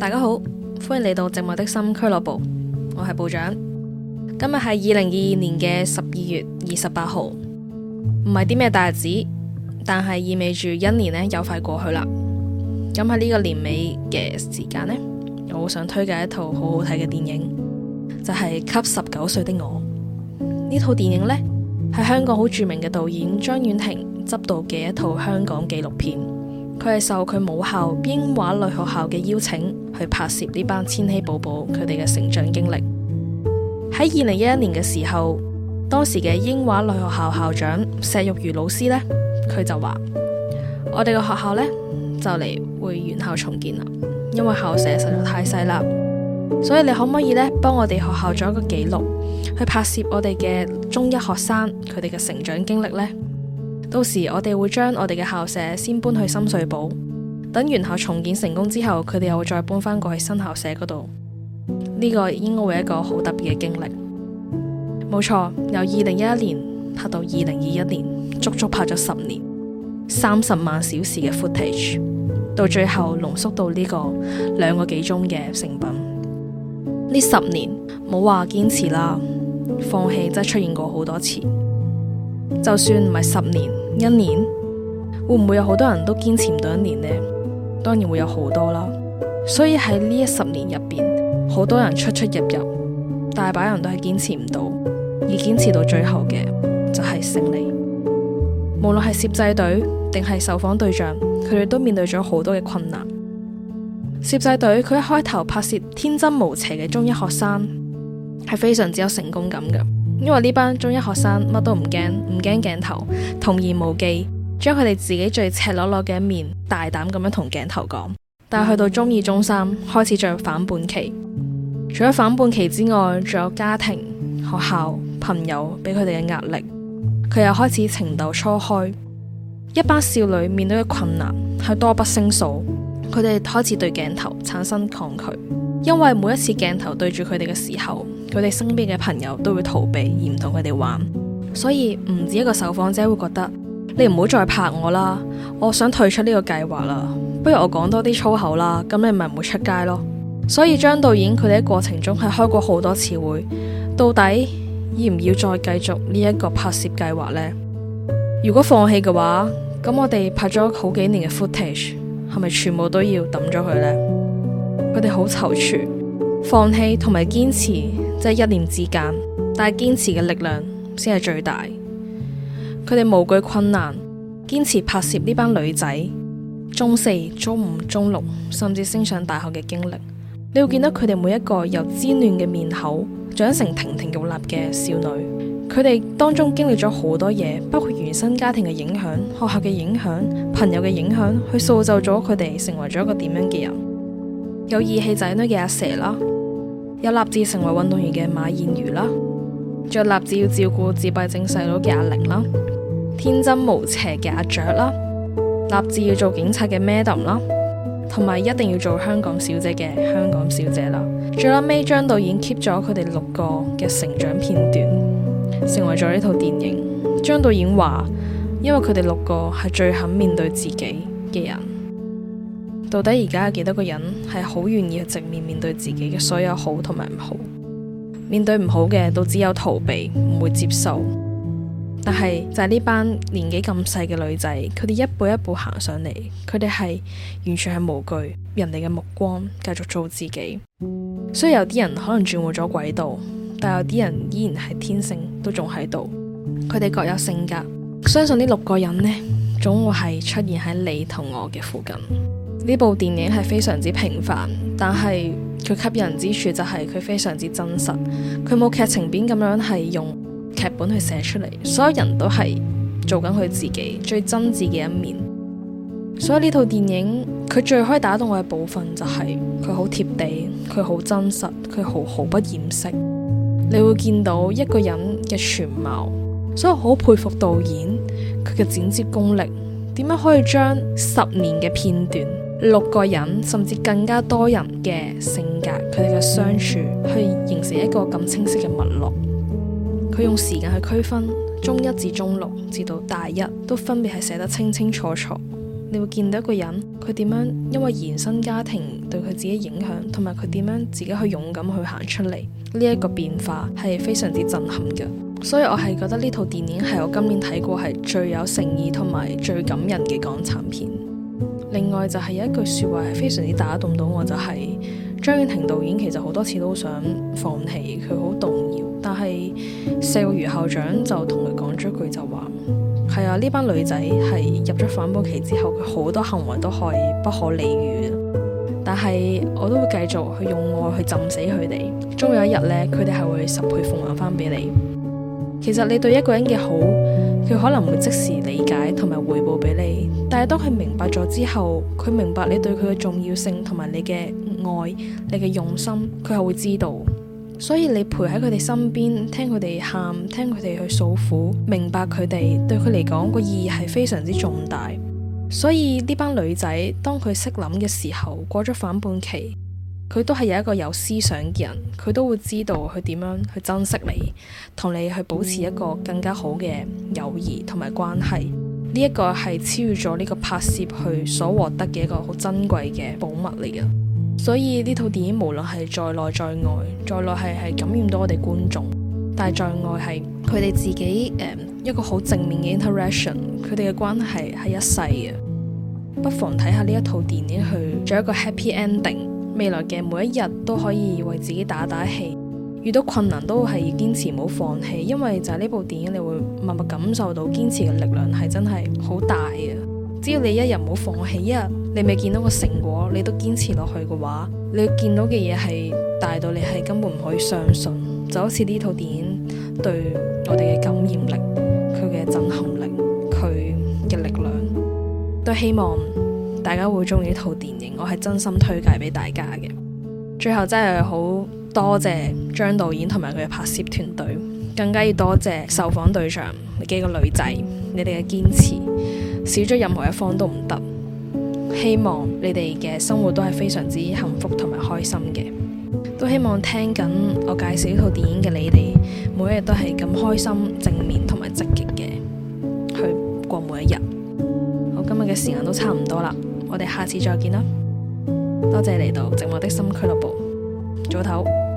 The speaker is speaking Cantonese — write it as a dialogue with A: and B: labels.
A: 大家好，歡迎嚟到寂寞的心俱樂部，我係部長。今日係二零二二年嘅十二月二十八號，唔係啲咩大日子，但係意味住一年呢又快過去啦。咁喺呢個年尾嘅時間呢，我好想推介一套好好睇嘅電影，就係、是《給十九歲的我》呢套電影呢，係香港好著名嘅導演張婉婷執導嘅一套香港紀錄片。佢係受佢母校英華女學校嘅邀請，去拍攝呢班千禧寶寶佢哋嘅成長經歷。喺二零一一年嘅時候，當時嘅英華女學校校長石玉如老師呢，佢就話：我哋個學校呢，就嚟會原校重建啦，因為校舍實在太細啦，所以你可唔可以呢，幫我哋學校做一個記錄，去拍攝我哋嘅中一學生佢哋嘅成長經歷呢？到時我哋會將我哋嘅校舍先搬去深水埗，等原校重建成功之後，佢哋又會再搬翻過去新校舍嗰度。呢、這個應該會係一個好特別嘅經歷。冇錯，由二零一一年拍到二零二一年，足足拍咗十年，三十萬小時嘅 footage，到最後濃縮到呢個兩個幾鐘嘅成品。呢十年冇話堅持啦，放棄真係出現過好多次。就算唔係十年。一年會唔會有好多人都堅持唔到一年呢？當然會有好多啦。所以喺呢一十年入邊，好多人出出入入，大把人都係堅持唔到，而堅持到最後嘅就係勝利。無論係攝製隊定係受訪對象，佢哋都面對咗好多嘅困難。攝製隊佢一開頭拍攝天真無邪嘅中一學生，係非常之有成功感㗎。因為呢班中一學生乜都唔驚，唔驚鏡頭，童言無忌，將佢哋自己最赤裸裸嘅一面大膽咁樣同鏡頭講。但係去到中二、中三，開始進入反叛期。除咗反叛期之外，仲有家庭、學校、朋友俾佢哋嘅壓力，佢又開始情竇初開。一班少女面對嘅困難係多不勝數，佢哋開始對鏡頭產生抗拒，因為每一次鏡頭對住佢哋嘅時候，佢哋身邊嘅朋友都會逃避而唔同佢哋玩，所以唔止一個受訪者會覺得你唔好再拍我啦，我想退出呢個計劃啦。不如我講多啲粗口啦，咁你咪唔會出街咯。所以張導演佢哋喺過程中係開過好多次會，到底要唔要再繼續呢一個拍攝計劃呢？如果放棄嘅話，咁我哋拍咗好幾年嘅 footage，係咪全部都要抌咗佢呢？佢哋好躊躇，放棄同埋堅持。即係一念之間，但係堅持嘅力量先係最大。佢哋無懼困難，堅持拍攝呢班女仔中四、中五、中六，甚至升上大學嘅經歷，你會見到佢哋每一個由稚嫩嘅面口長成亭亭玉立嘅少女。佢哋當中經歷咗好多嘢，包括原生家庭嘅影響、學校嘅影響、朋友嘅影響，去塑造咗佢哋成為咗一個點樣嘅人？有義氣仔女嘅阿蛇啦。有立志成為運動員嘅馬燕如啦，仲有立志要照顧自閉症細佬嘅阿玲啦，天真無邪嘅阿雀啦，立志要做警察嘅 Madam 啦，同埋一定要做香港小姐嘅香港小姐啦。最後尾張導演 keep 咗佢哋六個嘅成長片段，成為咗呢套電影。張導演話，因為佢哋六個係最肯面對自己嘅人。到底而家有幾多個人係好願意去正面面對自己嘅所有好同埋唔好？面對唔好嘅都只有逃避，唔會接受。但係就係呢班年紀咁細嘅女仔，佢哋一步一步行上嚟，佢哋係完全係無懼人哋嘅目光，繼續做自己。雖然有啲人可能轉換咗軌道，但有啲人依然係天性都仲喺度，佢哋各有性格。相信呢六個人呢，總會係出現喺你同我嘅附近。呢部電影係非常之平凡，但係佢吸引人之處就係佢非常之真實。佢冇劇情片咁樣係用劇本去寫出嚟，所有人都係做緊佢自己最真摯嘅一面。所以呢套電影佢最可以打動我嘅部分就係佢好貼地，佢好真實，佢毫毫不掩飾。你會見到一個人嘅全貌，所以我好佩服導演佢嘅剪接功力，點樣可以將十年嘅片段。六個人甚至更加多人嘅性格，佢哋嘅相處，去形成一個咁清晰嘅脈絡。佢用時間去區分中一至中六，至到大一，都分別係寫得清清楚楚。你會見到一個人，佢點樣，因為延伸家庭對佢自己影響，同埋佢點樣自己去勇敢去行出嚟。呢一個變化係非常之震撼嘅。所以我係覺得呢套電影係我今年睇過係最有誠意同埋最感人嘅港產片。另外就係有一句説話係非常之打動到我，就係、是、張婉婷導演其實好多次都想放棄，佢好動搖，但係四個余校長就同佢講咗一句就話：係啊，呢班女仔係入咗反叛期之後，佢好多行為都係不可理喻嘅，但係我都會繼續去用愛去浸死佢哋，終有一日咧，佢哋係會十倍奉還翻俾你。其實你對一個人嘅好，佢可能唔會即時理解同埋回報俾你，但係當佢明白咗之後，佢明白你對佢嘅重要性同埋你嘅愛、你嘅用心，佢係會知道。所以你陪喺佢哋身邊，聽佢哋喊，聽佢哋去訴苦，明白佢哋對佢嚟講個意義係非常之重大。所以呢班女仔，當佢識諗嘅時候，過咗反叛期。佢都係有一個有思想嘅人，佢都會知道佢點樣去珍惜你，同你去保持一個更加好嘅友誼同埋關係。呢一個係超越咗呢個拍攝去所獲得嘅一個好珍貴嘅寶物嚟嘅。所以呢套電影無論係在內在外，在內係係感染到我哋觀眾，但係在外係佢哋自己誒、呃、一個好正面嘅 interaction，佢哋嘅關係係一世嘅。不妨睇下呢一套電影去做一個 happy ending。未來嘅每一日都可以為自己打打氣，遇到困難都係堅持，唔好放棄，因為就係呢部電影你會默默感受到堅持嘅力量係真係好大啊！只要你一日唔好放棄，一日你未見到個成果，你都堅持落去嘅話，你見到嘅嘢係大到你係根本唔可以相信，就好似呢套電影對我哋嘅感染力、佢嘅震撼力、佢嘅力量，都希望。大家會中意呢套電影，我係真心推介俾大家嘅。最後真係好多謝張導演同埋佢嘅拍攝團隊，更加要多謝受訪對象幾個女仔，你哋嘅堅持，少咗任何一方都唔得。希望你哋嘅生活都係非常之幸福同埋開心嘅，都希望聽緊我介紹呢套電影嘅你哋，每一日都係咁開心、正面同埋積極嘅去過每一日。好，今日嘅時間都差唔多啦。我哋下次再見啦！多謝你嚟到寂寞的心俱樂部，早唞。